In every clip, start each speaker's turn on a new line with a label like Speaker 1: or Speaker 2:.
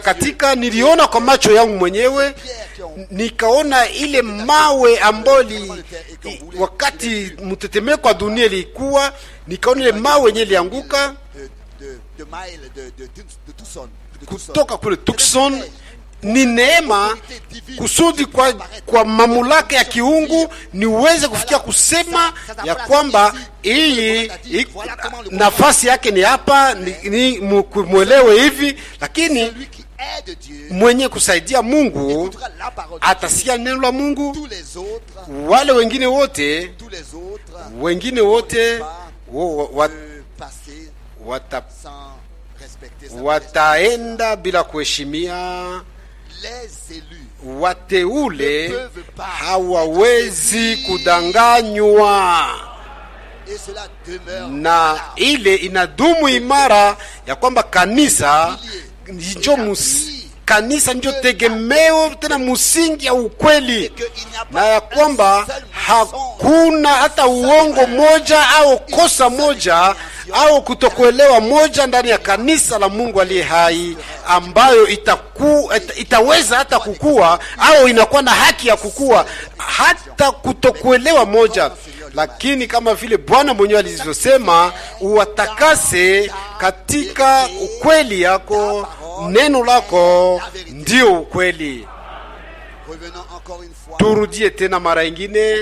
Speaker 1: Kukatika niliona kwa macho yangu mwenyewe, nikaona ile mawe ambayo wakati mtetemeko wa dunia ilikuwa, nikaona ile mawe yenyewe ilianguka kutoka kule Tucson. Ni neema kusudi kwa, kwa mamlaka ya kiungu niweze kufikia kusema ya kwamba hii nafasi yake ni hapa, ni, ni mwelewe hivi, lakini mwenye kusaidia Mungu atasikia neno la Mungu, wale wengine wote wengine wote wata wataenda bila kuheshimia wateule, hawawezi kudanganywa na ile inadumu imara ya kwamba kanisa ndicho kanisa ndio tegemeo tena msingi ya ukweli, na ya kwamba hakuna hata uongo moja au kosa moja au kutokuelewa moja ndani ya kanisa la Mungu aliye hai ambayo itaku, itaweza hata kukua au inakuwa na haki ya kukua, hata kutokuelewa moja lakini kama vile Bwana mwenyewe alivyosema, uwatakase katika ukweli yako, neno lako ndio ukweli. Turudie tena mara ingine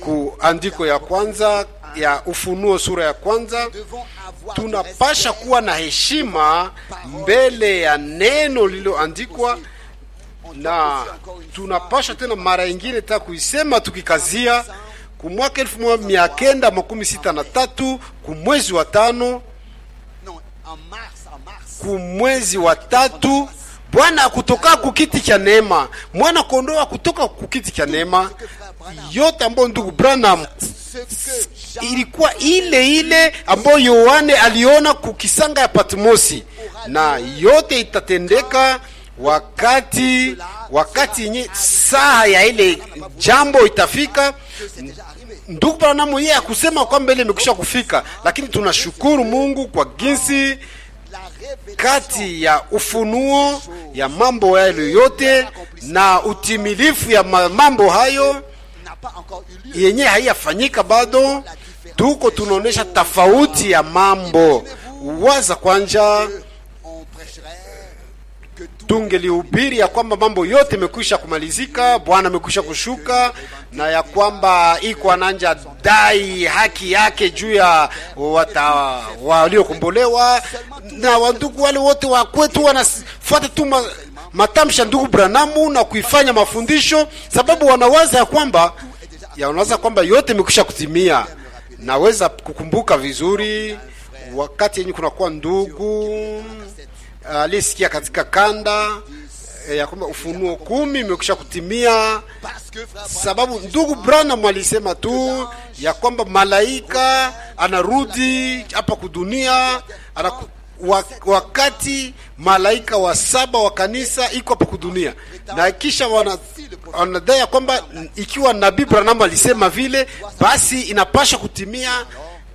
Speaker 1: kuandiko ya kwanza ya Ufunuo sura ya kwanza. Tunapasha kuwa na heshima mbele ya neno lililoandikwa, na tunapasha tena mara ingine ta kuisema tukikazia ku mwaka elfu moja mia kenda makumi sita na tatu ku mwezi wa tano ku mwezi wa tatu Bwana akutoka kukiti cha neema, mwana kondoo akutoka kukiti cha neema. Yote ambayo ndugu Branham ilikuwa ile ile ambayo Yohane aliona kukisanga ya Patmosi, na yote itatendeka wakati wakati nye, saa ya ile jambo itafika. Ndugu Branamu yeye akusema kwamba ile imekwisha kufika, lakini tunashukuru Mungu kwa ginsi kati ya ufunuo ya mambo yale yote na utimilifu ya mambo hayo yenye haiyafanyika bado, tuko tunaonesha tofauti ya mambo. Waza kwanja tungelihubiri ya kwamba mambo yote imekwisha kumalizika, Bwana amekwisha kushuka, na ya kwamba iko ananja dai haki yake juu ya waliokombolewa na wandugu wale wote wa kwetu, wanafuata tu matamshi ya ndugu Branamu na kuifanya mafundisho, sababu wanawaza ya kwamba ya wanawaza kwamba yote imekwisha kutimia. Naweza kukumbuka vizuri wakati yenye kunakuwa ndugu Ah, aliyesikia katika kanda eh, ya kwamba Ufunuo kumi imekwisha kutimia, sababu ndugu Branham alisema tu ya kwamba malaika anarudi hapa kudunia anaku, wakati malaika wa saba wa kanisa iko hapa kudunia, na kisha wanadai ya kwamba ikiwa nabii Branham alisema vile, basi inapasha kutimia,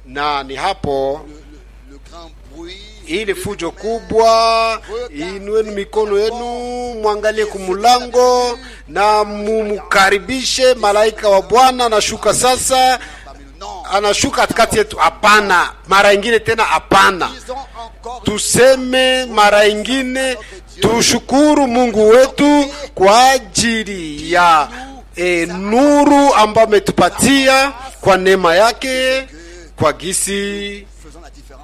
Speaker 1: na ni hapo ile fujo kubwa, inueni mikono yenu, mwangalie kumulango na mumkaribishe Malaika wa Bwana anashuka sasa, anashuka katikati yetu. Hapana, mara ingine tena, hapana. Tuseme mara ingine, tushukuru Mungu wetu kwa ajili ya e, nuru ambayo ametupatia kwa neema yake, kwa gisi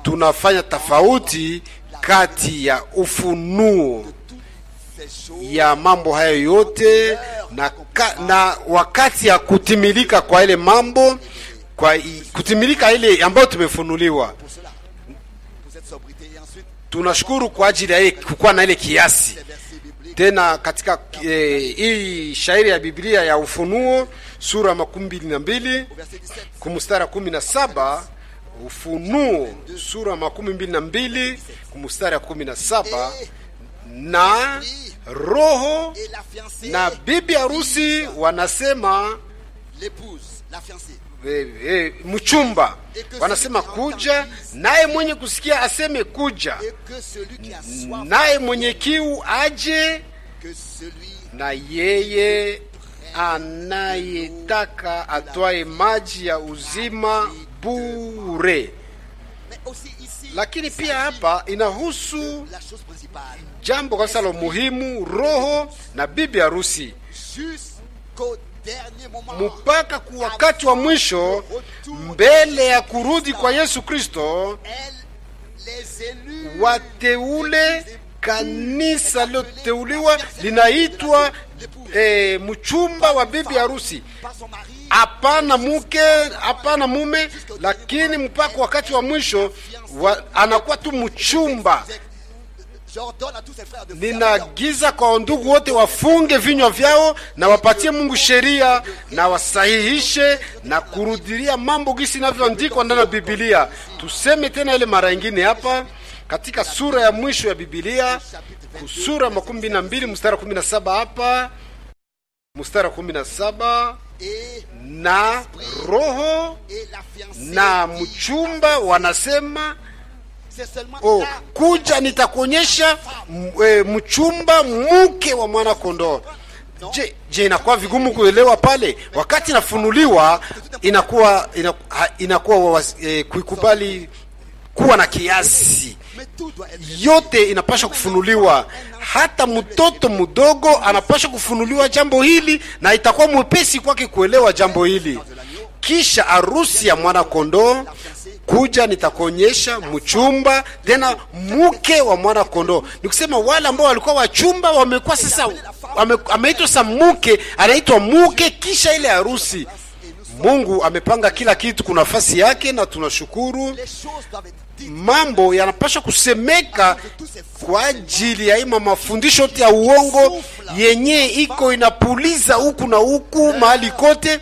Speaker 1: tunafanya tofauti kati ya ufunuo ya mambo hayo yote na, ka, na wakati ya kutimilika kwa ile mambo kwa i, kutimilika ile ambayo tumefunuliwa. Tunashukuru kwa ajili ya kukuwa na ile kiasi tena katika eh, hii shairi ya Biblia ya Ufunuo sura makumi mbili na mbili kumustara kumi na saba Ufunuo sura makumi mbili na mbili kumustari ya kumi na saba na roho na bibi harusi wanasema e, e, mchumba wanasema kuja, naye mwenye kusikia aseme kuja,
Speaker 2: naye mwenye
Speaker 1: kiu aje, na yeye anayetaka atwaye maji ya uzima bure. Lakini pia hapa inahusu jambo kabisa la muhimu, roho na bibi harusi mpaka ku wakati wa mwisho mbele ya kurudi kwa Yesu Kristo, wateule kanisa liloteuliwa linaitwa eh, mchumba wa bibi harusi hapana mke hapana mume, lakini mpaka wakati wa mwisho wa, anakuwa tu mchumba. Ninaagiza kwa ndugu wote wafunge vinywa vyao na wapatie Mungu sheria na wasahihishe na kurudilia mambo gisi inavyoandikwa ndani ya Biblia. Tuseme tena ile mara nyingine hapa katika sura ya mwisho ya Biblia, sura makumi mbili na mbili mstari wa kumi na saba hapa mstari wa kumi na saba E na roho na mchumba wanasema oh, kuja nitakuonyesha e, mchumba mke wa mwana kondoo. Je, je, inakuwa vigumu kuelewa pale wakati inafunuliwa, inakuwa inakuwa, inakuwa eh, kuikubali kuwa na kiasi yote inapasha kufunuliwa, hata mtoto mdogo anapasha kufunuliwa jambo hili, na itakuwa mwepesi kwake kuelewa jambo hili. Kisha harusi ya mwana kondoo kuja, nitakuonyesha mchumba, tena mke wa mwana kondoo. Ni kusema wale ambao walikuwa wachumba wamekuwa sasa, ameitwa sa mke, anaitwa mke, kisha ile harusi. Mungu amepanga kila kitu, kwa nafasi yake, na tunashukuru mambo yanapaswa kusemeka kwa ajili ya ima mafundisho yote ya uongo yenye iko inapuliza huku na huku mahali kote.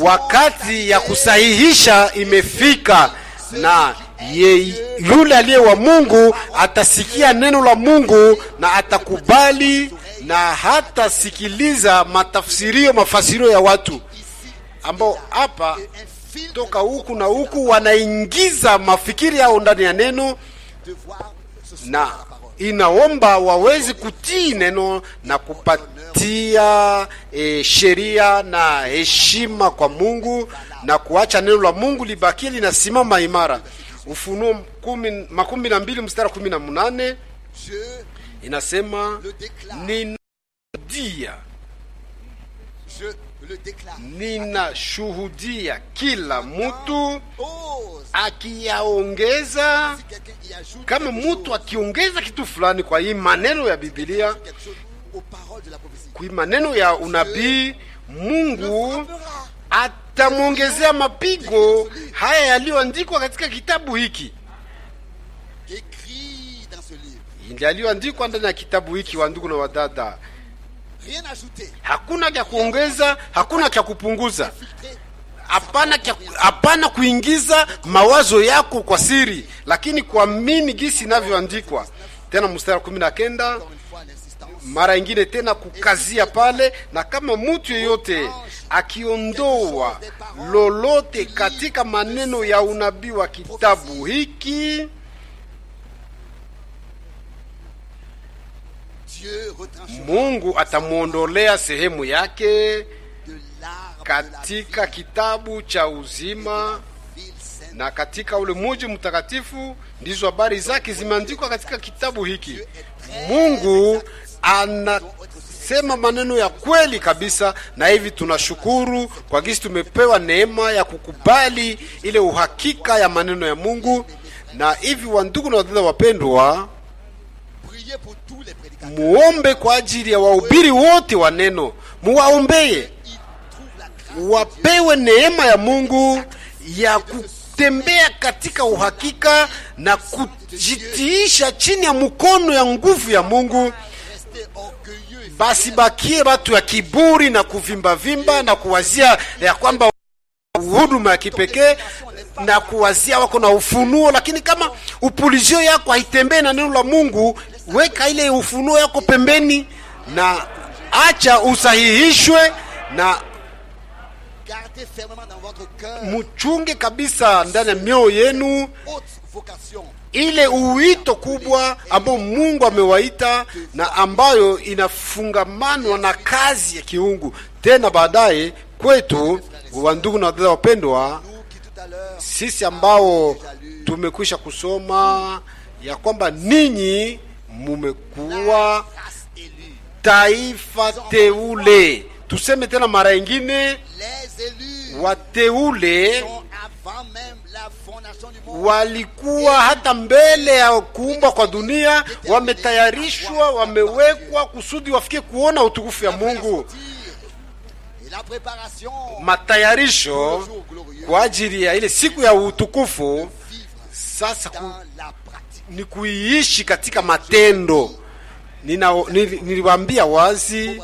Speaker 1: Wakati ya kusahihisha imefika, na ye yule aliye wa Mungu atasikia neno la Mungu na atakubali na hatasikiliza matafsirio mafasirio ya watu ambao hapa toka huku na huku, wanaingiza mafikiri yao ndani ya neno na inaomba wawezi kutii neno na kupatia e, sheria na heshima kwa Mungu na kuacha neno la Mungu libakie linasimama imara. Ufunuo makumi na mbili mstari kumi na munane inasema ninadia ninashuhudia kila mtu akiyaongeza. Kama mtu akiongeza kitu fulani kwa hii maneno ya Biblia, kwa maneno ya unabii, Mungu atamwongezea mapigo haya yaliyoandikwa katika kitabu hiki aliyoandikwa ndani ya kitabu hiki, ndugu na wadada hakuna cha kuongeza, hakuna cha kupunguza, hapana hapana kuingiza mawazo yako kwa siri, lakini kuamini gisi inavyoandikwa. Tena mstari kumi na kenda mara ingine tena kukazia pale, na kama mtu yeyote akiondoa lolote katika maneno ya unabii wa kitabu hiki Mungu atamwondolea sehemu yake katika kitabu cha uzima na katika ule muji mtakatifu. Ndizo habari zake zimeandikwa katika kitabu hiki. Mungu anasema maneno ya kweli kabisa, na hivi tunashukuru kwa gisi tumepewa neema ya kukubali ile uhakika ya maneno ya Mungu. Na hivi wandugu na wadada wapendwa, muombe kwa ajili ya wahubiri wote wa neno, muwaombeye wapewe neema ya Mungu ya kutembea katika uhakika na kujitiisha chini ya mkono ya nguvu ya Mungu. Basi bakie watu ya kiburi na kuvimbavimba na kuwazia ya kwamba huduma ya kipekee na kuwazia wako na ufunuo, lakini kama upulizio yako haitembei na neno la Mungu, weka ile ufunuo yako pembeni na acha usahihishwe na muchunge kabisa ndani ya mioyo yenu ile uwito kubwa ambayo Mungu amewaita na ambayo inafungamanwa na kazi ya kiungu. Tena baadaye kwetu, wandugu na wadada wapendwa sisi ambao tumekwisha kusoma ya kwamba ninyi mumekuwa taifa teule. Tuseme tena mara ingine, wateule walikuwa hata mbele ya kuumbwa kwa dunia, wametayarishwa, wamewekwa kusudi wafike kuona utukufu ya Mungu matayarisho kwa ajili ya ile siku ya utukufu. Sasa ku, ni kuiishi katika matendo. Niliwaambia wazi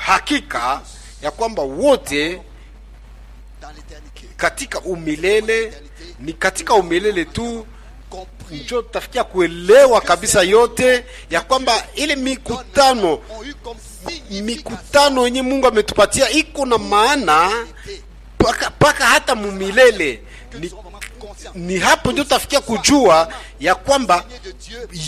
Speaker 1: hakika ya kwamba wote katika umilele ni katika umilele tu ndio tutafikia kuelewa kabisa yote ya kwamba ile mikutano mikutano yenye Mungu ametupatia iko na maana paka, paka hata mumilele ni, ni hapo ndio tutafikia kujua ya kwamba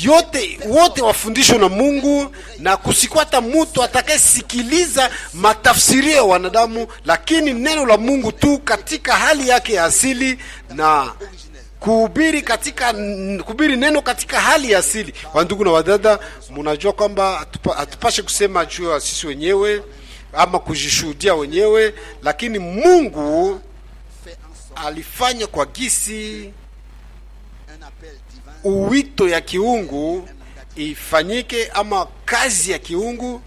Speaker 1: yote wote wafundishwe na Mungu na kusikwata hata mtu atakayesikiliza matafsirio ya wanadamu, lakini neno la Mungu tu katika hali yake ya asili na kuhubiri katika kuhubiri neno katika hali ya asili. Wandugu na wadada, mnajua kwamba hatupashe kusema juu ya sisi wenyewe ama kujishuhudia wenyewe, lakini Mungu alifanya kwa gisi uwito ya kiungu ifanyike ama kazi ya kiungu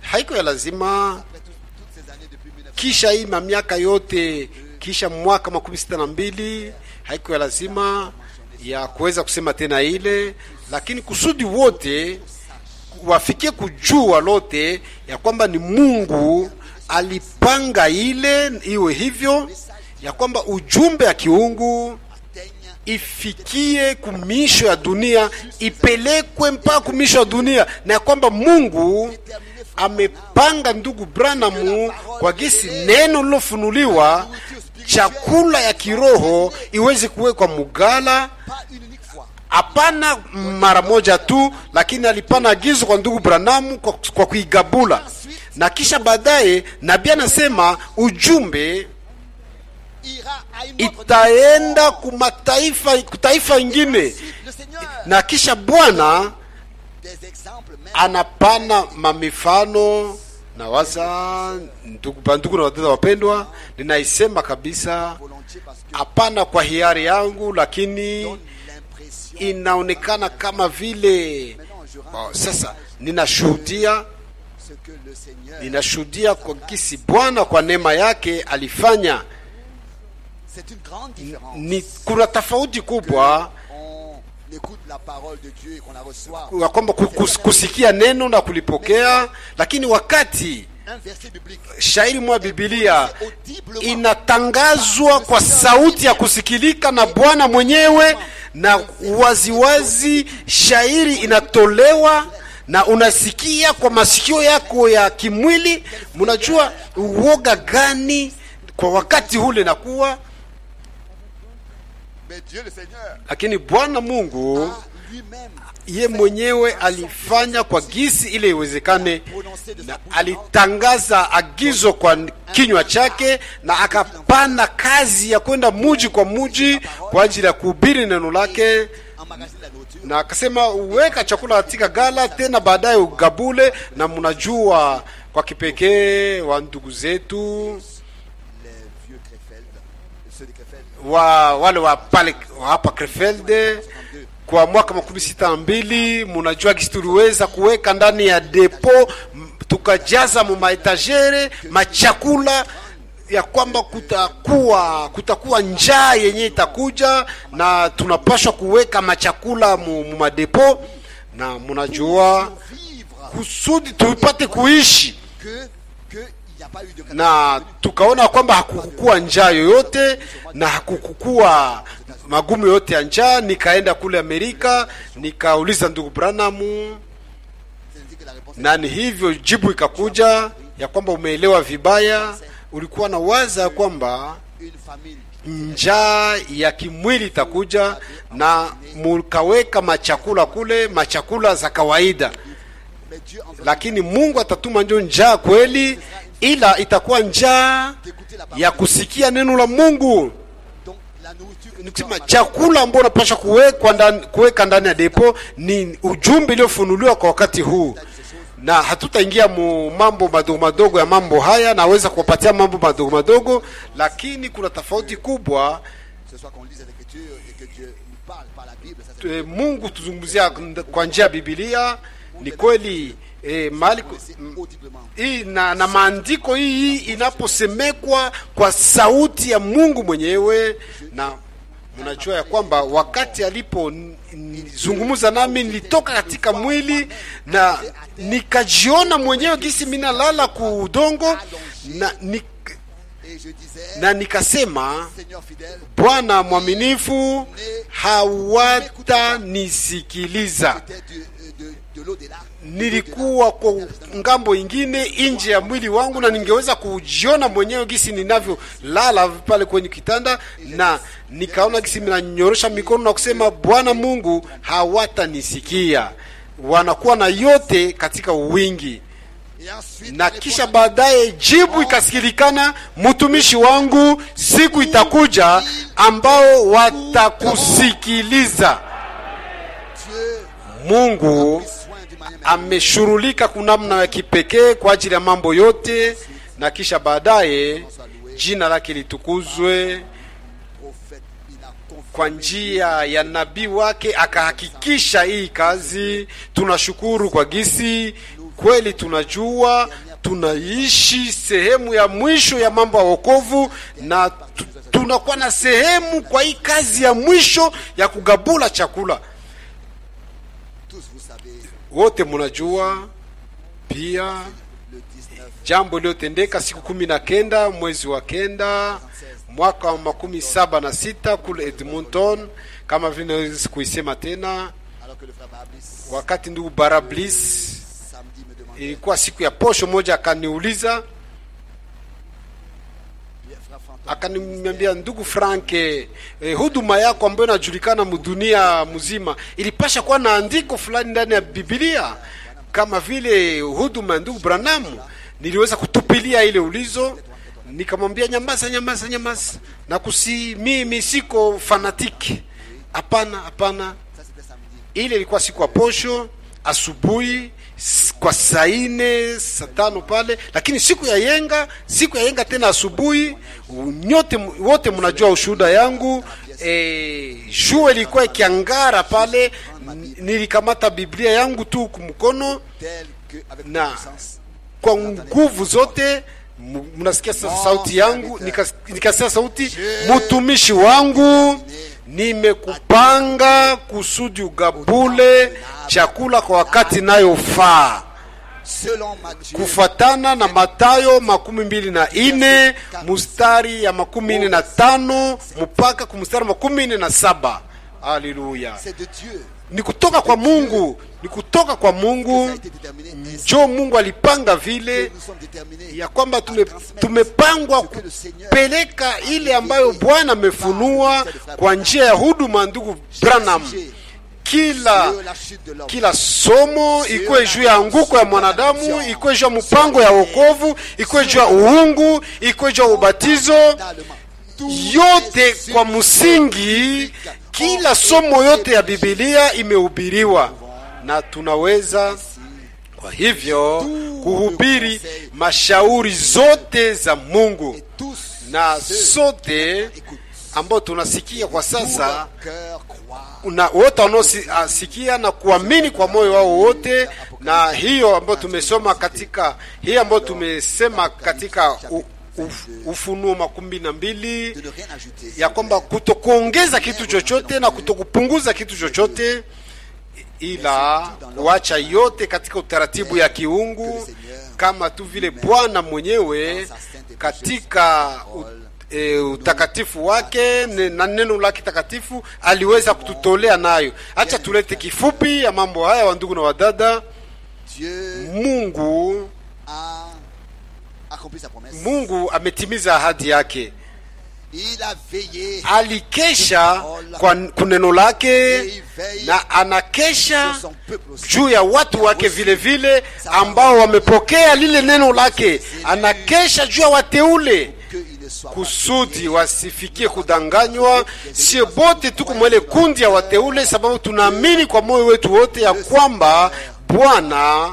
Speaker 1: haiko ya lazima. Kisha hii mamiaka yote, kisha mwaka makumi sita na mbili haikuwa lazima ya kuweza kusema tena ile, lakini kusudi wote wafikie kujua lote ya kwamba ni Mungu alipanga ile iwe hivyo, ya kwamba ujumbe ya kiungu ifikie kumisho ya dunia, ipelekwe mpaka kumisho ya dunia, na ya kwamba Mungu amepanga ndugu Branamu kwa gisi neno lilofunuliwa chakula ya kiroho iweze kuwekwa mugala hapana mara moja tu, lakini alipana agizo kwa ndugu Branamu kwa, kwa kuigabula na kisha baadaye nabii anasema ujumbe itaenda mataifa kutaifa ingine, na kisha Bwana anapana mamifano nawaza ndugu na wadada wapendwa, ninaisema kabisa hapana kwa hiari yangu, lakini inaonekana kama vile oh, sasa ninashuhudia ninashuhudia kwa kisi Bwana kwa neema yake alifanya ni, kuna tofauti kubwa wa kwamba kusikia neno na kulipokea, lakini wakati shairi mwa Biblia inatangazwa kwa sauti ya kusikilika na Bwana mwenyewe na waziwazi, shairi inatolewa na unasikia kwa masikio yako ya kimwili. Mnajua uoga gani kwa wakati ule nakuwa lakini Bwana Mungu ye mwenyewe alifanya kwa gisi ile iwezekane, na alitangaza agizo kwa kinywa chake, na akapana kazi ya kwenda muji kwa muji kwa ajili ya kuhubiri neno lake, na akasema uweka chakula katika gala, tena baadaye ugabule. Na mnajua kwa kipekee wa ndugu zetu wa wale wa pale wa hapa Krefeld kwa mwaka makumi sita na mbili, munajua gisi tuliweza kuweka ndani ya depo tukajaza mu maetagere machakula ya kwamba kutakuwa kutakuwa njaa yenye itakuja, na tunapashwa kuweka machakula mu, mu madepo, na munajua kusudi tupate kuishi na tukaona kwamba hakukukua njaa yoyote na hakukukua magumu yoyote ya njaa. Nikaenda kule Amerika, nikauliza ndugu Branamu, na ni hivyo jibu ikakuja ya kwamba umeelewa vibaya, ulikuwa na waza ya kwamba njaa ya kimwili itakuja, na mukaweka machakula kule, machakula za kawaida, lakini Mungu atatuma njo njaa kweli ila itakuwa njaa ya kusikia neno la Mungu. Nikusema chakula ambao unapasha kuwekwa ndani, kuweka ndani ya depo ni ujumbe uliofunuliwa kwa wakati huu, na hatutaingia mu mambo madogo madogo ya mambo haya. Naweza kuwapatia mambo madogo madogo, lakini kuna tofauti kubwa. Eh, Mungu tuzungumzia kwa njia ya Biblia, ni kweli E, eh, mali hii na, na maandiko hii inaposemekwa kwa sauti ya Mungu mwenyewe, na mnajua ya kwamba wakati alipozungumza nami nilitoka katika mwili na nikajiona mwenyewe gisi minalala ku udongo na, ni, na nikasema Bwana mwaminifu hawatanisikiliza nilikuwa kwa ngambo ingine nje ya mwili wangu, na ningeweza kujiona mwenyewe gisi ninavyolala pale kwenye kitanda, na nikaona gisi minanyorosha mikono na kusema, Bwana Mungu, hawatanisikia wanakuwa na yote katika wingi. Na kisha baadaye jibu ikasikilikana, mtumishi wangu, siku itakuja ambao watakusikiliza. Mungu ameshurulika kunamna ya kipekee kwa ajili ya mambo yote, na kisha baadaye jina lake litukuzwe kwa njia ya nabii wake, akahakikisha hii kazi. Tunashukuru kwa gisi kweli tunajua tunaishi sehemu ya mwisho ya mambo ya wokovu na tunakuwa na sehemu kwa hii kazi ya mwisho ya kugabula chakula wote mnajua pia jambo iliyotendeka siku kumi na kenda mwezi wa kenda mwaka wa makumi saba na sita kule Edmonton, kama vile nawezi kuisema tena, wakati ndugu Barablis, ilikuwa siku ya posho moja, akaniuliza akaniambia ndugu Frank eh, eh, huduma yako ambayo inajulikana mudunia mzima ilipasha kuwa na andiko fulani ndani ya Biblia kama vile huduma ya ndugu Branham. Niliweza kutupilia ile ulizo, nikamwambia nyamaza, nyamaza, nyamaza na kusi, mimi siko fanatiki. Hapana, hapana, ile ilikuwa siku ya posho asubuhi kwa saa ine saa tano pale, lakini siku ya yenga, siku ya yenga tena asubuhi, nyote wote mnajua ushuhuda yangu. E, jua ilikuwa ikiangara pale, nilikamata Biblia yangu tu kumkono na kwa nguvu zote mnasikia sasa sauti yangu, nikasikia sauti mtumishi wangu nimekupanga kusudi ugabule chakula kwa wakati nayofaa kufatana na Matayo makumi mbili na ine mustari ya makumi ine na tano mpaka kumustari makumi ine na saba. aleluya ni kutoka kwa Mungu, ni kutoka kwa Mungu. Njo Mungu alipanga vile ya kwamba tume, tumepangwa kupeleka ile ambayo Bwana amefunua kwa njia ya huduma. Ndugu Branham, kila kila somo ikuwe juu ya anguko ya mwanadamu, ikuwe juu ya mpango ya wokovu, ikuwe juu ya uungu, ikuwe juu ya ubatizo yote kwa msingi kila somo yote ya Biblia imehubiriwa na tunaweza kwa hivyo kuhubiri mashauri zote za Mungu, na sote ambao tunasikia kwa sasa na wote wanaosikia na kuamini kwa moyo wao wote, na hiyo ambayo tumesoma katika, hiyo ambayo tumesema katika u, Ufunuo makumi na mbili ya kwamba kutokuongeza kitu chochote na kutokupunguza kitu chochote ila kuacha yote katika utaratibu ya kiungu kama tu vile Bwana mwenyewe katika E, utakatifu wake na neno lake takatifu aliweza kututolea nayo. Acha tulete kifupi ya mambo haya, wandugu na wadada. Mungu Mungu ametimiza ahadi yake. Alikesha kwa kuneno lake na anakesha juu ya watu wake vile vile ambao wamepokea lile neno lake, anakesha juu ya wateule kusudi wasifikie kudanganywa. Sio bote tuko mwele kundi ya wateule, sababu tunaamini kwa moyo wetu wote ya kwamba Bwana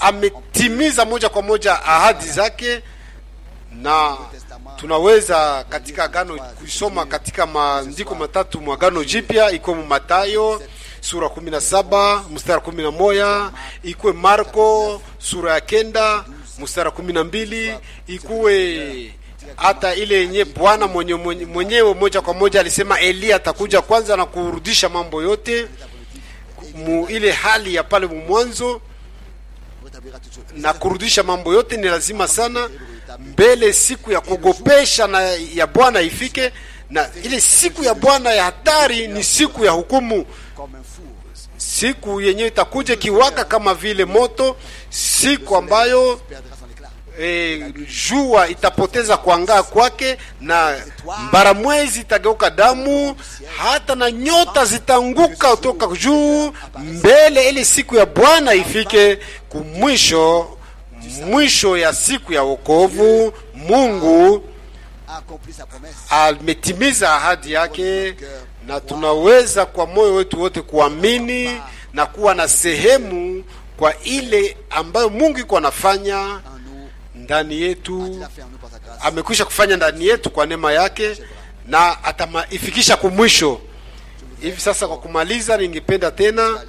Speaker 1: ametimiza moja kwa moja ahadi zake, na tunaweza katika agano kusoma katika maandiko matatu mwa agano jipya, mu Matayo sura kumi na saba mstari kumi na ikuwe Marko sura ya kenda mstari kumi na mbili ikuwe hata ile yenye Bwana mwenyewe mwenyewe moja kwa moja alisema Elia atakuja kwanza na kurudisha mambo yote mu ile hali ya pale mwanzo, na kurudisha mambo yote ni lazima sana mbele siku ya kuogopesha na ya Bwana ifike, na ile siku ya Bwana ya hatari ni siku ya hukumu, siku yenyewe itakuja kiwaka kama vile moto, siku ambayo E, jua itapoteza kuangaa kwake na mbaramwezi itageuka damu, hata na nyota zitanguka kutoka juu mbele, ili siku ya Bwana ifike kumwisho, mwisho ya siku ya wokovu. Mungu ametimiza ahadi yake, na tunaweza kwa moyo wetu wote kuamini na kuwa na sehemu kwa ile ambayo Mungu iko anafanya ndani yetu, amekwisha kufanya ndani yetu kwa neema yake, na ataifikisha kumwisho. Hivi sasa, kwa kumaliza, ningependa tena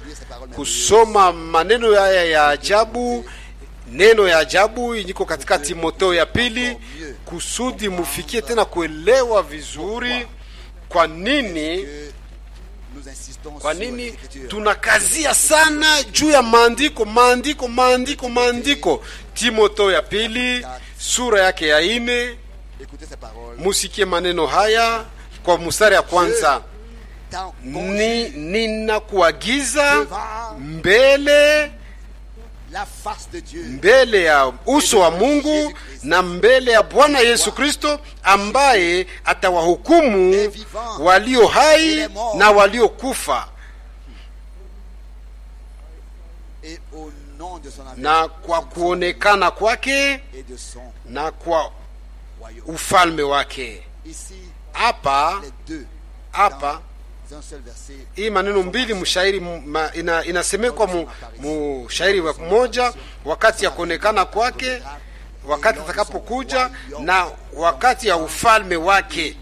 Speaker 1: kusoma maneno haya ya ajabu, neno ya ajabu iko katika Timotheo ya pili, kusudi mufikie tena kuelewa vizuri kwa nini kwa nini tunakazia sana juu ya maandiko maandiko maandiko maandiko? Timoto ya pili sura yake ya ine, musikie maneno haya kwa mstari ya kwanza ni ninakuagiza mbele mbele ya uso wa Mungu na mbele ya Bwana Yesu Kristo ambaye atawahukumu walio hai na waliokufa na kwa kuonekana kwake na kwa ufalme wake. Hapa hapa hii maneno mbili mshairi ma, ina, inasemekwa mshairi wa mmoja wakati ya kuonekana kwake, wakati atakapokuja na wakati ya ufalme wake,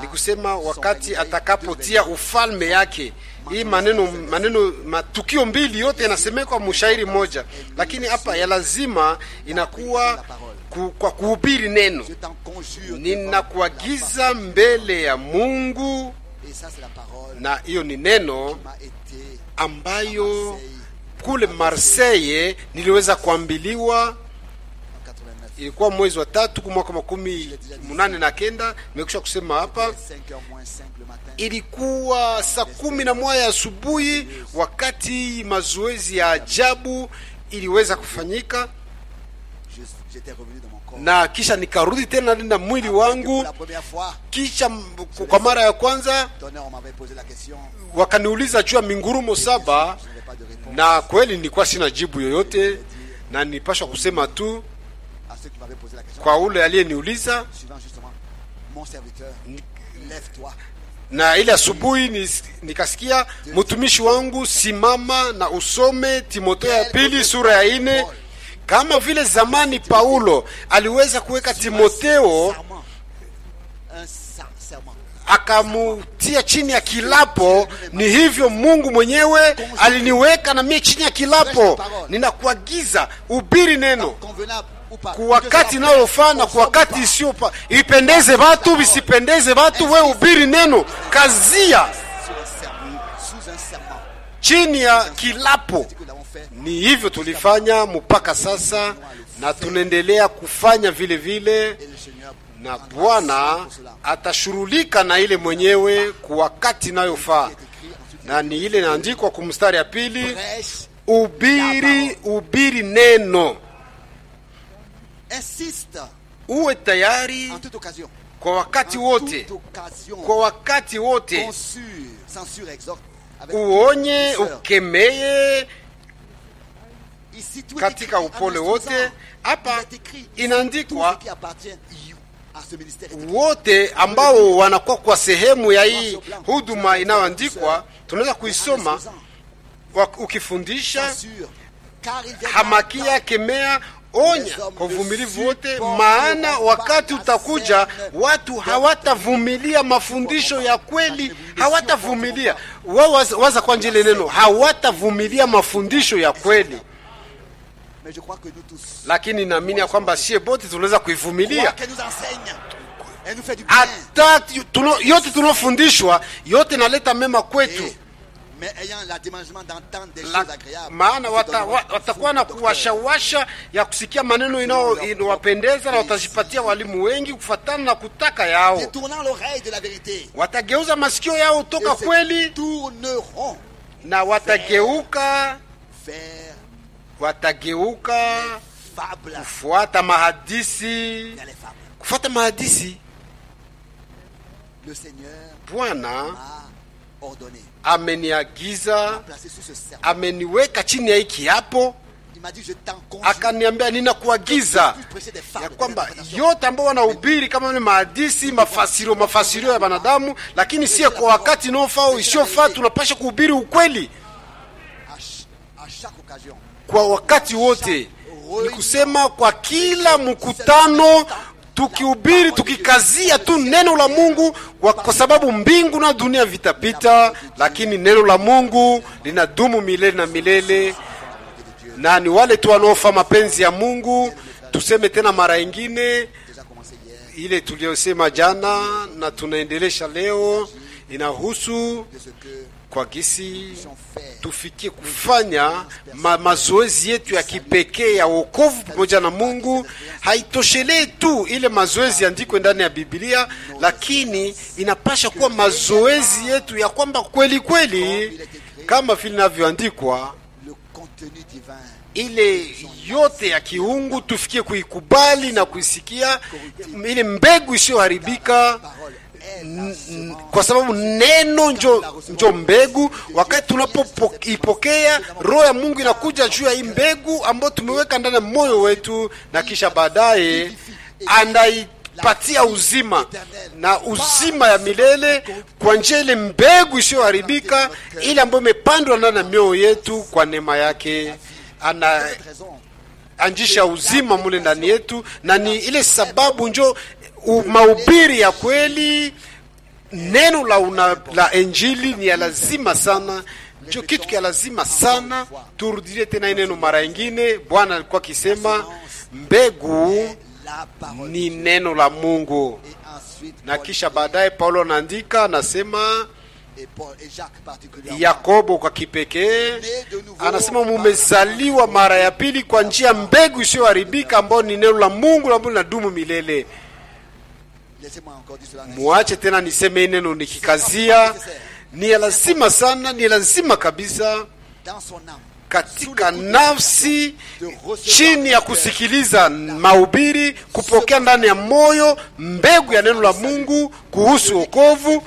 Speaker 1: ni kusema wakati atakapotia ufalme yake. Hii maneno maneno matukio mbili yote yanasemekwa mshairi mmoja, lakini hapa ya lazima inakuwa ku, kwa kuhubiri neno. Ninakuagiza mbele ya Mungu na hiyo ni neno ambayo kule Marseille niliweza kuambiliwa, ilikuwa mwezi wa tatu mwaka makumi munane na kenda. Nimekusha kusema hapa, ilikuwa saa kumi na moja asubuhi, wakati mazoezi ya ajabu iliweza kufanyika na kisha nikarudi tena na mwili wangu. Kisha kwa mara ya kwanza wakaniuliza juu ya mingurumo saba, na kweli nilikuwa sina jibu yoyote, na nipashwa kusema tu kwa ule aliyeniuliza na ile asubuhi nikasikia mtumishi wangu, simama na usome Timotheo ya pili sura ya ine kama vile zamani Paulo aliweza kuweka Timotheo akamutia chini ya kilapo. Ni hivyo Mungu mwenyewe aliniweka na mie chini ya kilapo. Ninakuagiza ubiri neno kwa wakati inayofaa na kwa wakati isiyo, ipendeze watu visipendeze watu, we ubiri neno, kazia chini ya kilapo ni hivyo tulifanya mpaka sasa na tunaendelea kufanya vile vile, na Bwana atashurulika na ile mwenyewe kwa wakati inayofaa, na ni ile inaandikwa kwa mstari ya pili, ubiri ubiri neno, uwe tayari kwa wakati wote, kwa wakati wote,
Speaker 2: uonye
Speaker 1: ukemeye katika upole wote. Hapa inaandikwa wote ambao wanakuwa kwa sehemu ya hii huduma inayoandikwa, tunaweza kuisoma ukifundisha, hamakia, kemea, onya kwa uvumilivu wote, maana wakati utakuja watu hawatavumilia mafundisho ya kweli, hawatavumilia waza, waza kwa njile neno hawatavumilia mafundisho ya kweli lakini naamini ya kwamba sie bote tunaweza kuivumilia hata yote tunaofundishwa yote naleta mema kwetu eh, maana watakuwa na kuwashawasha ya kusikia maneno inayowapendeza na watazipatia walimu wengi kufatana na kutaka yao, watageuza masikio yao toka kweli na watageuka Faire watageuka kufuata mahadisi, kufuata mahadisi. Bwana ameniagiza, ameniweka chini ya hiki hapo akaniambia ninakuagiza ya kwamba yote ambao wanahubiri kama vile mahadisi mafasirio mafasirio ya wanadamu, lakini sio kwa wakati unaofaa, isiofaa. Tunapasha kuhubiri ukweli kwa wakati wote, ni kusema kwa kila mkutano, tukihubiri tukikazia tu neno la Mungu, kwa sababu mbingu na dunia vitapita, lakini neno la Mungu linadumu milele na milele, na ni wale tu wanaofa mapenzi ya Mungu. Tuseme tena mara ingine ile tuliyosema jana na tunaendelesha leo, inahusu kwa gisi tufikie kufanya ma, mazoezi yetu ya kipekee ya wokovu pamoja na Mungu haitoshelee tu ile mazoezi yandikwe ndani ya Biblia, lakini inapasha kuwa mazoezi yetu ya kwamba kweli kweli kama vile inavyoandikwa ile yote ya kiungu tufikie kuikubali na kuisikia, ile mbegu isiyoharibika kwa sababu neno njo, njo mbegu. Wakati tunapoipokea roho ya Mungu inakuja juu ya hii mbegu ambayo tumeweka ndani ya moyo wetu, na kisha baadaye anaipatia uzima na uzima ya milele kwa njia ile mbegu isiyoharibika, ile ambayo imepandwa ndani ya mioyo yetu kwa neema yake ana anjisha uzima mule ndani yetu, na ni ile sababu njo mahubiri ya kweli, neno la, una, la injili ni ya lazima sana, ndio kitu kya lazima sana. Turudie tena neno mara ingine, Bwana alikuwa akisema mbegu ni neno la Mungu, na kisha baadaye Paulo anaandika anasema Yakobo kwa kipekee anasema mumezaliwa mara ya pili kwa njia mbegu isiyoharibika, ambayo ni neno la Mungu ambalo linadumu milele muache tena niseme neno nikikazia, ni lazima sana, ni lazima kabisa katika nafsi, chini ya kusikiliza mahubiri, kupokea ndani ya moyo mbegu ya neno la Mungu kuhusu wokovu.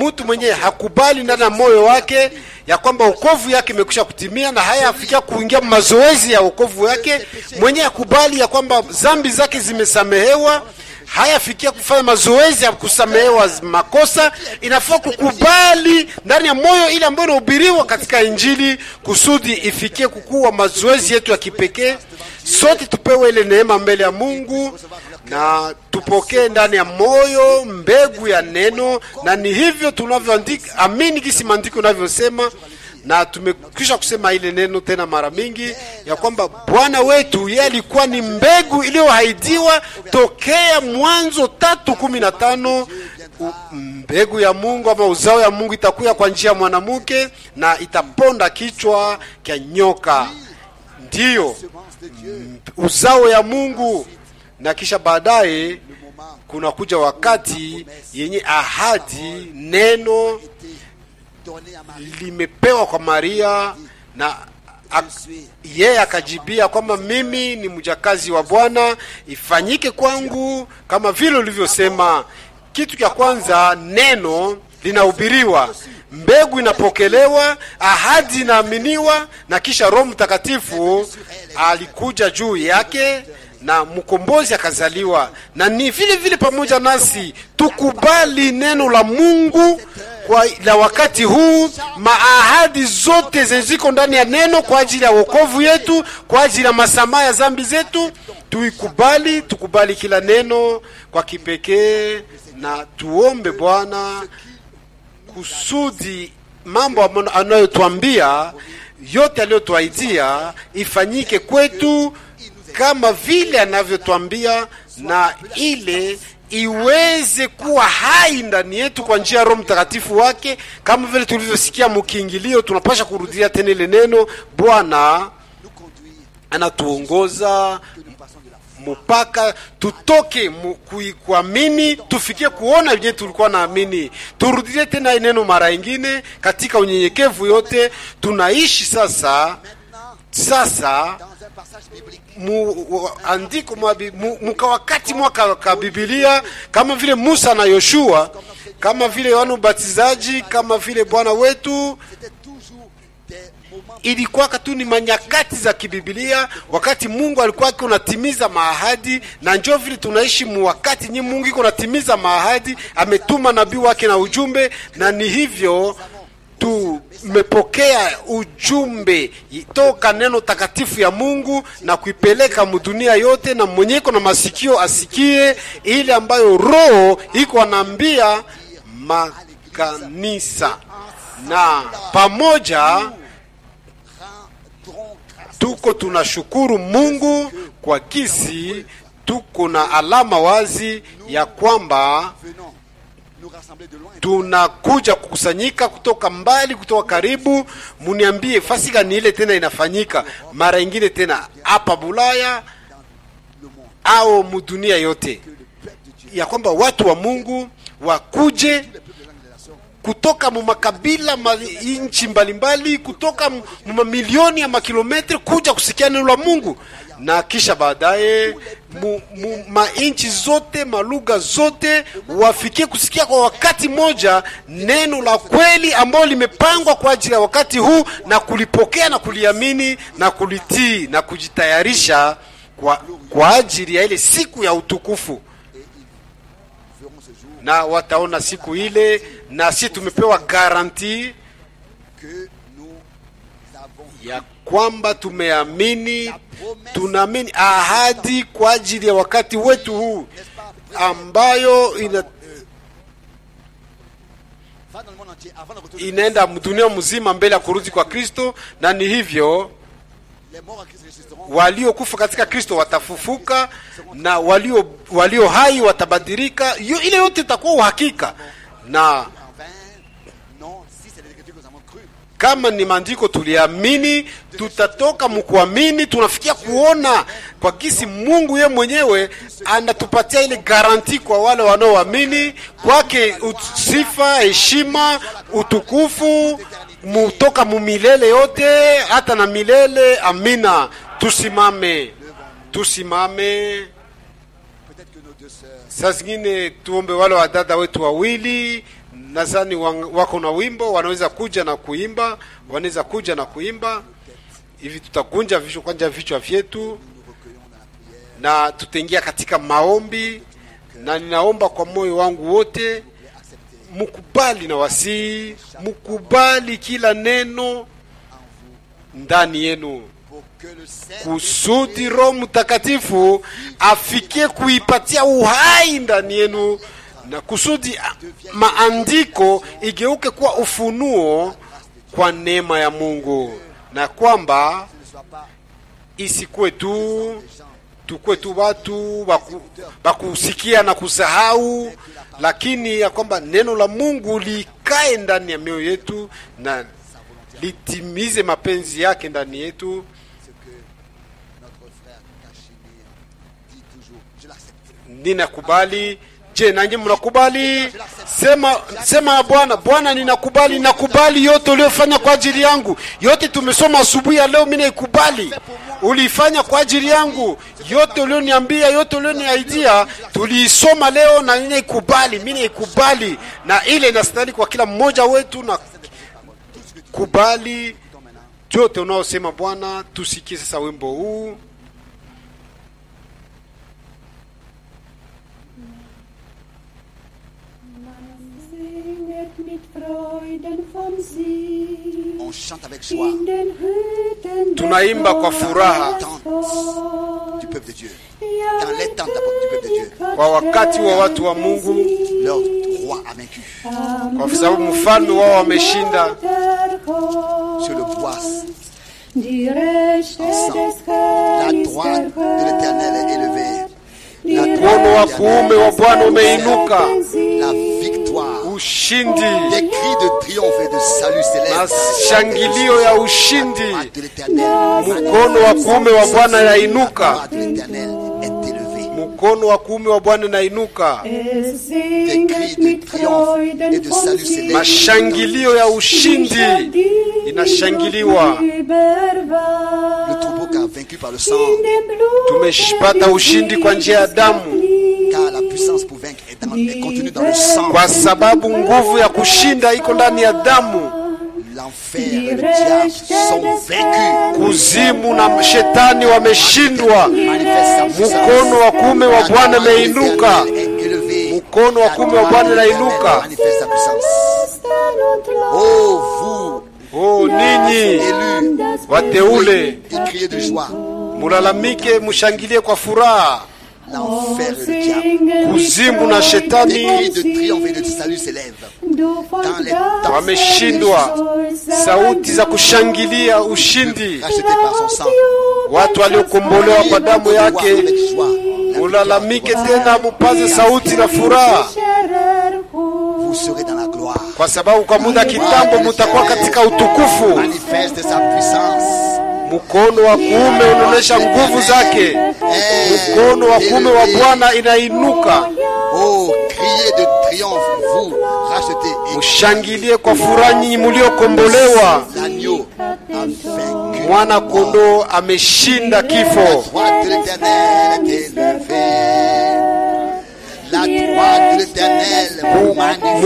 Speaker 1: Mtu mwenye hakubali ndani ya moyo wake ya kwamba wokovu yake imekwisha kutimia na haya afikia kuingia mazoezi ya wokovu yake mwenye hakubali ya kwamba dhambi zake zimesamehewa hayafikia kufanya mazoezi ya kusamehewa makosa, inafaa kukubali ndani ya moyo ile ambayo inahubiriwa katika Injili kusudi ifikie kukuwa mazoezi yetu ya kipekee. Sote tupewe ile neema mbele ya Mungu na tupokee ndani ya moyo mbegu ya neno, na ni hivyo tunavyoandika amini gisi maandiko inavyosema na tumekwisha kusema ile neno tena mara mingi ya kwamba Bwana wetu yeye alikuwa ni mbegu iliyohaidiwa tokea Mwanzo tatu kumi na tano. Mbegu ya Mungu ama uzao ya Mungu itakuya kwa njia ya mwanamke na itaponda kichwa kya nyoka, ndiyo mm, uzao ya Mungu. Na kisha baadaye kunakuja wakati yenye ahadi neno limepewa kwa Maria na yeye yeah, akajibia kwamba mimi ni mjakazi wa Bwana, ifanyike kwangu kama vile ulivyosema. Kitu cha kwanza, neno linahubiriwa, mbegu inapokelewa, ahadi inaaminiwa, na kisha Roho Mtakatifu alikuja juu yake na mkombozi akazaliwa, na ni vile vile pamoja nasi tukubali neno la Mungu kwa la wakati huu, maahadi zote zenziko ndani ya neno kwa ajili ya wokovu yetu, kwa ajili ya masamaha ya zambi zetu, tuikubali, tukubali kila neno kwa kipekee, na tuombe Bwana kusudi mambo anayotwambia yote aliyotwaidia ifanyike kwetu kama vile anavyotwambia, na ile iweze kuwa hai ndani yetu kwa njia ya Roho Mtakatifu wake, kama vile tulivyosikia mkiingilio. Tunapasha kurudia tena ile neno, Bwana anatuongoza mpaka tutoke kuamini tufikie kuona vyenye tulikuwa naamini. Turudie tena neno mara ingine katika unyenyekevu yote tunaishi sasa sasa muandiko mukawakati mwaka ka Biblia kama vile Musa na Yoshua, kama vile Yohana Mbatizaji, kama vile Bwana wetu ilikuwa tu ni manyakati za kibibilia, wakati Mungu alikuwa kunatimiza maahadi, na njo vile tunaishi muwakati nyi Mungu kunatimiza maahadi, ametuma nabii wake na ujumbe, na ni hivyo tu mmepokea ujumbe toka neno takatifu ya Mungu na kuipeleka mudunia yote, na mwenyeko na masikio asikie ile ambayo Roho iko anaambia makanisa, na pamoja tuko tunashukuru Mungu kwa kisi tuko na alama wazi ya kwamba tunakuja kukusanyika kutoka mbali, kutoka karibu, muniambie fasi gani ile tena inafanyika mara ingine tena hapa Bulaya au mudunia yote, ya kwamba watu wa Mungu wakuje kutoka mumakabila nchi mbalimbali, kutoka mumamilioni ya makilometri kuja kusikia neno la Mungu na kisha baadaye mainchi zote malugha zote wafikie kusikia kwa wakati moja neno la kweli ambalo limepangwa kwa ajili ya wakati huu, na kulipokea na kuliamini na kulitii na kujitayarisha kwa, kwa ajili ya ile siku ya utukufu na wataona siku ile, na si tumepewa garanti ya kwamba tumeamini, tunaamini ahadi kwa ajili ya wakati wetu huu ambayo ina inaenda dunia mzima mbele ya kurudi kwa Kristo, na ni hivyo waliokufa katika Kristo watafufuka na walio walio hai watabadilika. ile yote itakuwa uhakika na kama ni maandiko tuliamini, tutatoka mkuamini, tunafikia kuona kwa kisi Mungu ye mwenyewe anatupatia ile garanti kwa wale wanaoamini kwake, sifa, heshima, utukufu mutoka mumilele yote hata na milele. Amina. Tusimame, tusimame. Saa zingine tuombe wale wadada wetu wawili nadhani wako na wimbo, wanaweza kuja na kuimba, wanaweza kuja na kuimba hivi. Tutakunja vichwa kwanja vichwa vyetu na tutaingia katika maombi, na ninaomba kwa moyo wangu wote mukubali na wasii, mukubali kila neno ndani yenu kusudi Roho Mtakatifu afikie kuipatia uhai ndani yenu na kusudi maandiko igeuke kuwa ufunuo kwa neema ya Mungu, na kwamba isikuwe tu tukuwe tu watu wakusikia na kusahau, lakini ya kwamba neno la Mungu likae ndani ya mioyo yetu na litimize mapenzi yake ndani yetu. Ninakubali Je, nanyi mnakubali? Sema, sema ya Bwana. Bwana, ninakubali, nakubali yote uliofanya kwa ajili yangu. Yote tumesoma asubuhi ya leo, mimi naikubali. Ulifanya kwa ajili yangu yote ulioniambia, yote ulioniaidia, tuliisoma leo na ninaikubali, mimi naikubali, na ile inastahili kwa kila mmoja wetu na kubali yote unaosema Bwana. Tusikie sasa wimbo huu. On
Speaker 2: chante avec joie.
Speaker 1: Tunaimba kwa furaha du peuple de Dieu.
Speaker 2: Dans les tentes du peuple de
Speaker 1: Dieu. Kwa Leur roi a vaincu. Je le bois. La droite de l'Éternel est élevée. La droite. La victoire ushindi, mashangilio ya ushindi. Mkono wa kuume wa Bwana yainuka, mkono wa kuume wa Bwana nainuka,
Speaker 2: mashangilio ya ushindi
Speaker 1: inashangiliwa.
Speaker 2: Tumeshipata ushindi kwa njia ya damu
Speaker 1: kwa sababu nguvu ya kushinda iko ndani ya damu. Kuzimu na shetani wameshindwa. Mkono wa kume wa Bwana umeinuka, mkono wa kume wa Bwana unainuka. Oh, oh, ninyi wateule, mulalamike, mushangilie kwa furaha
Speaker 2: l'enfer le oh, diable.
Speaker 1: Kuzimu na shetani. de triomphe et de salut s'élève dans les temps. Wameshindwa, sauti za kushangilia ushindi. Racheté par son sang. Watu waliokombolewa kwa damu yake, ulalamike tena, mupaze sauti na furaha, oh. kwa sababu kwa muda kitambo mutakuwa katika utukufu. Manifeste sa puissance Mkono wa kuume unaonyesha nguvu zake, mkono wa kuume wa Bwana inainuka. Mshangilie kwa furaha nyinyi muliokombolewa. Mwana kondoo ameshinda kifo.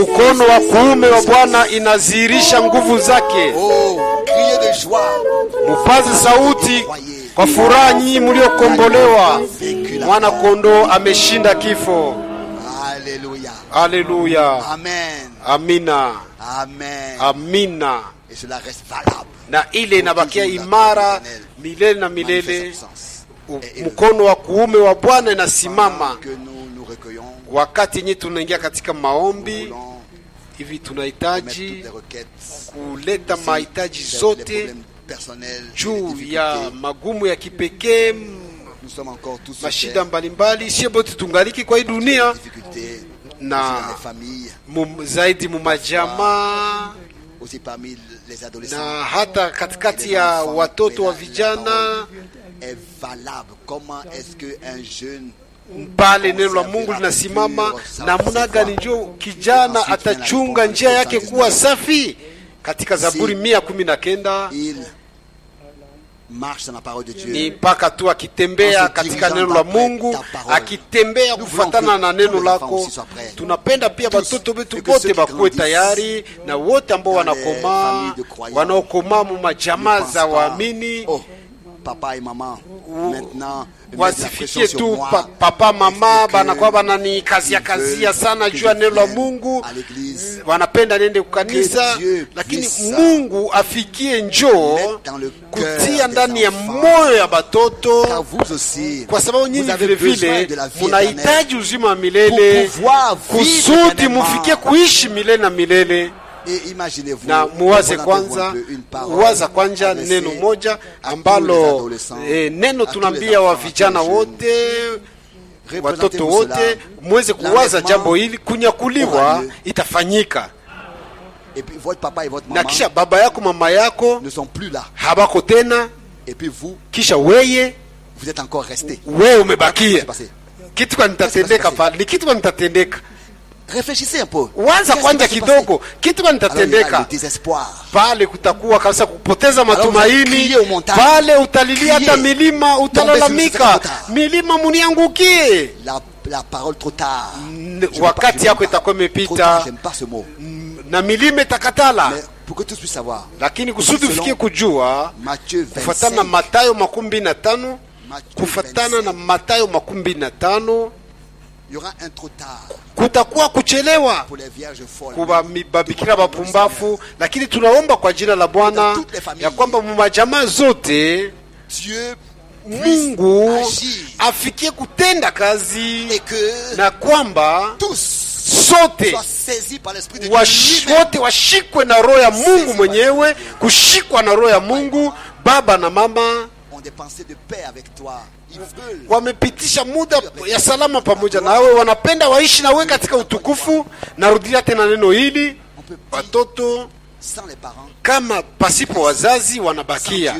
Speaker 1: Mkono wa kuume wa Bwana inazihirisha oh, nguvu zake. Mupaze oh, sauti kwa furaha, nyinyi mliokombolewa, mwana kondoo ameshinda kifo. Aleluya, amina, amina. Na ile inabakia imara milele na milele. Mkono wa kuume wa Bwana inasimama wakati nyi tunaingia katika maombi hivi, tunahitaji
Speaker 2: kuleta mahitaji zote
Speaker 1: juu ya magumu ya kipekee, mashida mbalimbali, sio bote tungaliki kwa hii dunia na zaidi mumajamaa na hata katikati ya watoto wa vijana pale neno la Mungu linasimama namna gani? Ndio kijana atachunga njia yake kuwa safi katika Zaburi mia kumi na kenda ni mpaka tu akitembea katika neno la Mungu, akitembea kufatana na neno lako. Tunapenda pia watoto wetu wote bakuwe tayari, na wote ambao wanakomaa wanaokomaa mu majamaa za waamini oh papa et maman maintenant wasifike tu pa, papa mama banakuwa bananikazia kazia sana juu ya neno la Mungu, mm. wanapenda niende kukanisa, lakini Mungu afikie njo kutia ndani ya moyo ya batoto, kwa sababu nyinyi vile vile munahitaji uzima wa milele kusudi mufikie kuishi milele na milele
Speaker 2: na muwaze kwanza, waza
Speaker 1: kwanza neno moja ambalo eh, neno tunaambia wa vijana wote watoto wote mweze kuwaza jambo hili, kunyakuliwa itafanyika na kisha baba yako mama yako habako tena, kisha weye
Speaker 2: wewe umebakia
Speaker 1: kitu kanitatendekaa ni kitu kanitatendeka Wanza kwanza kidogo, kitu tatendeka? pale, kutakuwa kabisa kupoteza matumaini pale, utalilia hata milima, utalalamika milima, muniangukie. Wakati yako itakuwa imepita na milima itakatala. Lakini kusudi ufikie kujua, kufatana na Matayo makumi mbili na tano kufatana na Matayo 25. mbili na tano y aura un trop
Speaker 2: tard. Kutakuwa kuchelewa
Speaker 1: babikira bapumbafu, lakini tunaomba kwa jina la Bwana ya kwamba mumajamaa zote Mungu afikie kutenda kazi na kwamba sote wote washikwe na roho ya Mungu mwenyewe, kushikwa na roho ya Mungu Baba na mama wamepitisha muda ya salama pamoja nawe, wanapenda waishi nawe katika utukufu. Narudia tena neno hili, watoto kama pasipo wazazi wanabakia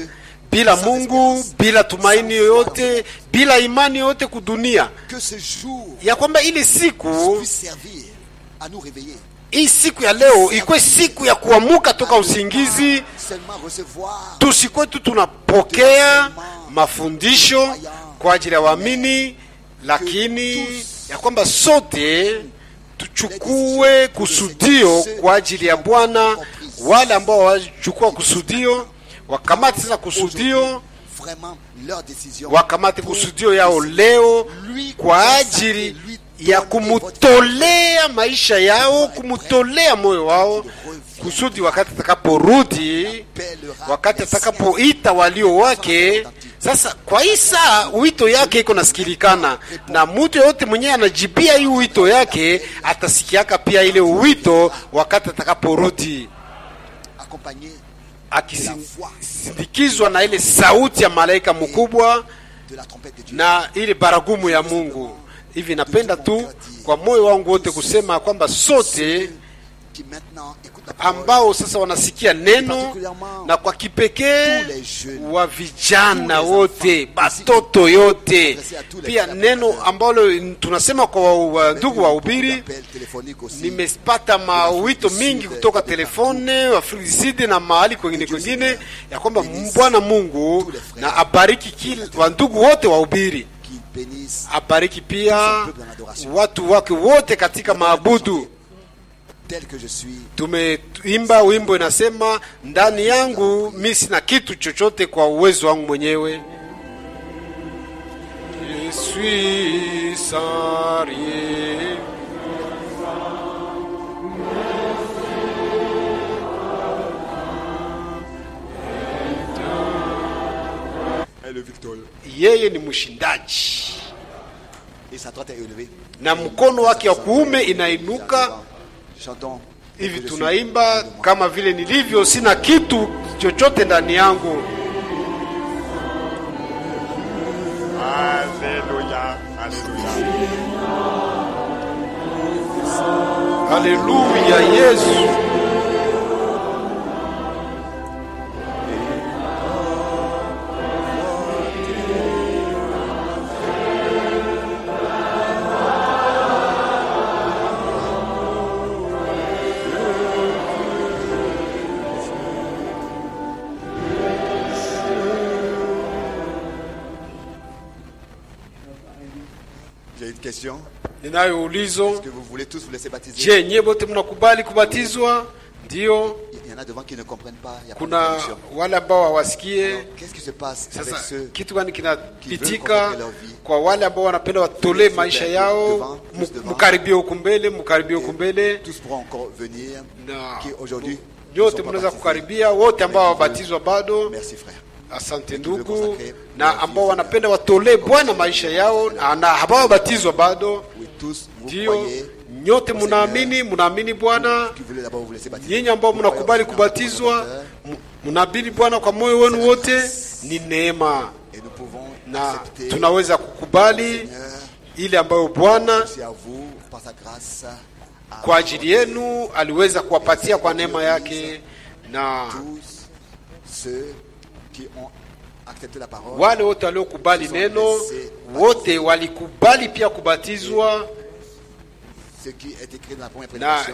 Speaker 1: bila Mungu, bila tumaini yoyote, bila imani yoyote kudunia, ya kwamba ile siku hii siku ya leo ikuwe siku ya kuamuka toka usingizi, tusikuwe tu tunapokea mafundisho kwa ajili ya waamini, lakini ya kwamba sote tuchukue kusudio kwa ajili ya Bwana. Wale ambao wachukua kusudio wakamate sasa kusudio wakamate kusudio yao leo kwa ajili ya kumutolea maisha yao, kumutolea moyo wao, kusudi wakati atakaporudi, wakati atakapoita walio wake. Sasa kwa isa wito yake iko nasikilikana, na mtu yoyote mwenye anajibia hii wito yake atasikiaka pia ile wito wakati atakaporudi,
Speaker 2: akisindikizwa
Speaker 1: na ile sauti ya malaika mkubwa na ile baragumu ya Mungu hivi. Napenda tu kwa moyo wangu wote kusema kwamba sote ambao sasa wanasikia neno na kwa kipekee wa vijana wote, batoto yote, pia neno ambalo tunasema kwa ndugu wahubiri. Nimepata mawito mingi kutoka telefone Afrika na mahali kwengine kwengine, ya kwamba Bwana Mungu na abariki kila wandugu wote wahubiri abariki pia watu wake wote katika maabudu. Tumeimba wimbo inasema, ndani yangu mi sina kitu chochote kwa uwezo wangu mwenyewe yeye ni mshindaji na mkono wake wa kuume inainuka hivi. Tunaimba kama vile nilivyo, sina kitu chochote ndani yangu. Haleluya, Yesu. est-ce que vous voulez tous vous laisser baptiser? Il y en a devant qui ne comprennent pas, il y a pas de Qu'est-ce qui se passe avec ceux qui veulent leur vie. tous pourront encore venir qui aujourd'hui Merci frère. Asante ndugu, na ambao wanapenda watolee Bwana maisha yao na hawabatizwa bado, ndio nyote munaamini, munaamini Bwana, nyinyi ambao mnakubali kubatizwa, mnaamini Bwana kwa moyo wenu wote, ni neema na tunaweza kukubali ile ambayo Bwana kwa ajili yenu aliweza kuwapatia kwa neema yake na wale wote waliokubali neno wote walikubali pia kubatizwa na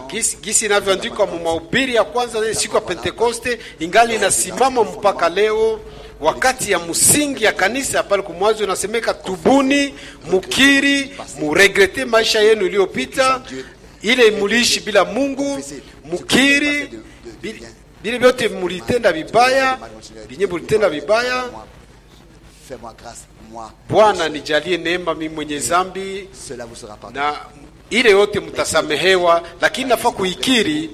Speaker 1: gisi, inavyoandikwa mu mahubiri ya kwanza siku ya Pentekoste, ingali inasimama mpaka leo. Wakati ya msingi ya kanisa pale kumwanzo inasemeka, tubuni, mukiri, muregrete maisha yenu iliyopita, ile muliishi bila Mungu, mukiri bila bile vyote mulitenda vibaya, vinyi mulitenda vibaya. Bwana nijalie neema mimi mwenye zambi, na ile yote mtasamehewa, lakini nafaa kuikiri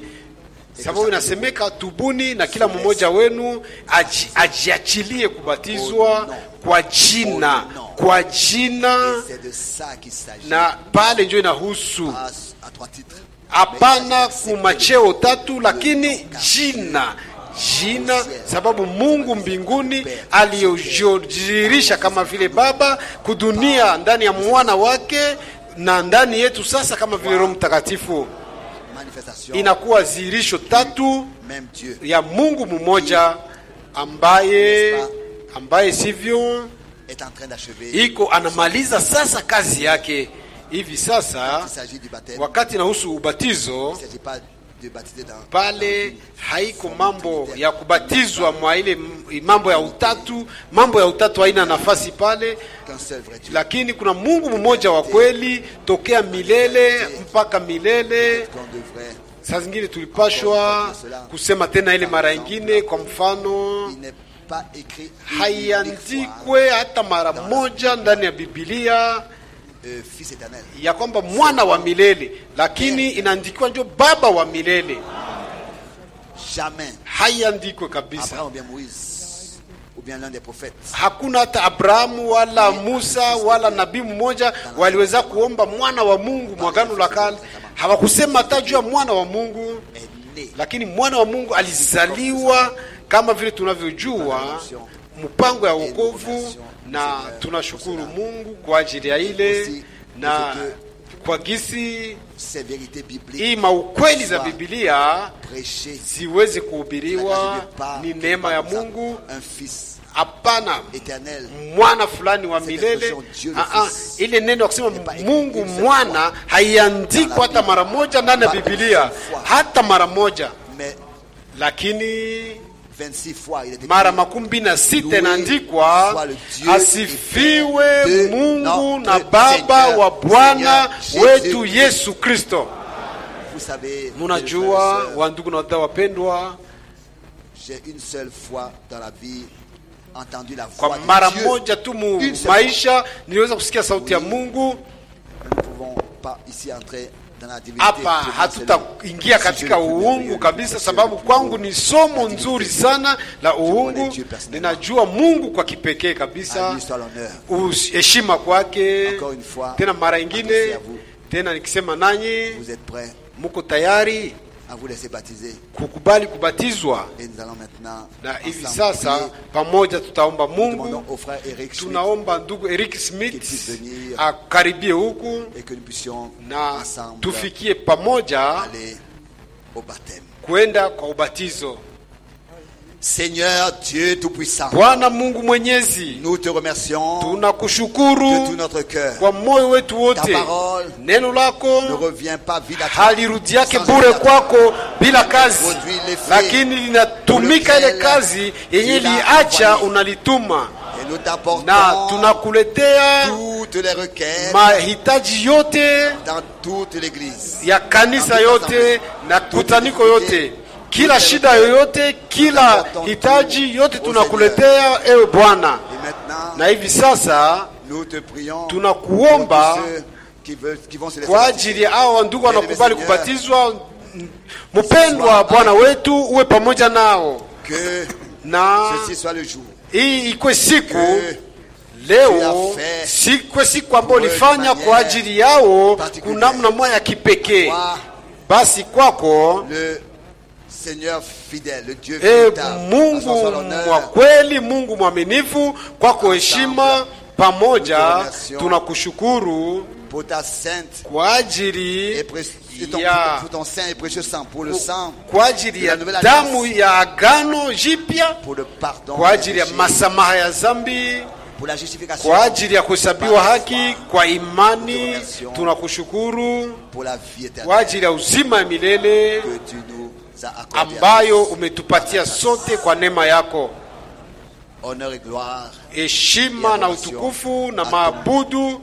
Speaker 1: sababu inasemeka tubuni na kila mmoja wenu aji, ajiachilie kubatizwa kwa jina kwa jina, na pale njo inahusu hapana kumacheo tatu, lakini jina jina, sababu Mungu mbinguni aliyojirisha kama vile Baba kudunia ndani ya mwana wake na ndani yetu sasa, kama vile Roho Mtakatifu inakuwa zirisho tatu ya Mungu mmoja ambaye ambaye sivyo iko anamaliza sasa kazi yake hivi sasa wakati inahusu ubatizo pale haiko mambo ya kubatizwa mwa ile mambo ya utatu. Mambo ya utatu haina nafasi pale, lakini kuna Mungu mmoja wa kweli tokea milele mpaka milele. Saa zingine tulipashwa kusema tena ile mara ingine, kwa mfano haiandikwe hata mara moja ndani ya Biblia fils éternel, ya kwamba mwana wa milele, lakini inaandikiwa ndio baba wa milele. Jamais haiandikwe kabisa Abraham bien Moïse ou bien l'un des prophètes hakuna hata Abrahamu wala Musa wala nabii mmoja waliweza kuomba mwana wa Mungu mwagano la kale, hawakusema hata juu ya mwana wa Mungu, lakini mwana wa Mungu alizaliwa kama vile tunavyojua mpango ya wokovu na tunashukuru Mungu kwa ajili ya ile na kwa gisi hii maukweli za Biblia ziweze kuhubiriwa, ni neema ya Mungu. Hapana mwana fulani wa milele ah, ah. ile neno ya kusema Mungu mwana haiandikwa hata mara moja ndani ya Biblia, hata mara moja, lakini mara makumi mbili na sita inaandikwa asifiwe Mungu na Baba wa Bwana wetu Yesu Kristo. Munajua wandugu na wada
Speaker 2: wapendwa, kwa mara moja
Speaker 1: tu mu maisha niliweza kusikia sauti ya Mungu hapa hatutaingia katika uungu kabisa, sababu kwangu ni somo nzuri sana la uungu. Ninajua Mungu kwa kipekee kabisa, heshima kwake. Tena mara ingine tena nikisema nanyi muko tayari à Kukubali kubatizwa. na hivi sasa pamoja tutaomba Mungu. tunaomba ndugu Eric Smith akaribie huku et na tufikie pamoja Kwenda kwa ubatizo. Seigneur Dieu Tout-Puissant, Bwana Mungu Mwenyezi, nous te remercions, tunakushukuru de tout notre cœur kwa moyo wetu wote. Ta parole neno lako ne revient pas vide à toi, halirudi yake bure kwako bila kazi, lakini linatumika ile kazi yenye liacha unalituma nous t'apportons na tunakuletea mahitaji yote dans
Speaker 2: toute l'église
Speaker 1: ya kanisa yote na kutaniko yote kila shida yoyote, kila hitaji yote tunakuletea ewe Bwana, na hivi sasa tunakuomba
Speaker 2: kwa ajili ya
Speaker 1: hao ndugu wanakubali kubatizwa. Mpendwa Bwana wetu, uwe pamoja nao, na hii ikwe siku leo, sikwe siku ambayo ulifanya kwa ajili yao kunamna moya ya kipekee. Basi kwako le, Seigneur fidèle, le Dieu et eh, Mungu mwa kweli, Mungu mwaminifu, kwako heshima pamoja tunakushukuru kwa ajili ya kwa ajili ya damu ya agano jipya, kwa ajili ya masamaha ya zambi kwa ajili ya kuhesabiwa haki kwa imani tunakushukuru, kwa ajili ya uzima ya milele ambayo umetupatia sote kwa neema yako. Heshima na utukufu na maabudu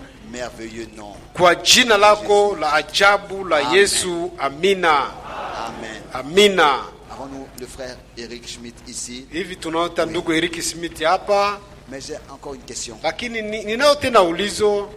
Speaker 1: kwa jina lako la ajabu la Amen. Yesu. Amina, Amen. Amina. Hivi tunaota ndugu Eric Smith hapa, lakini ninao tena ulizo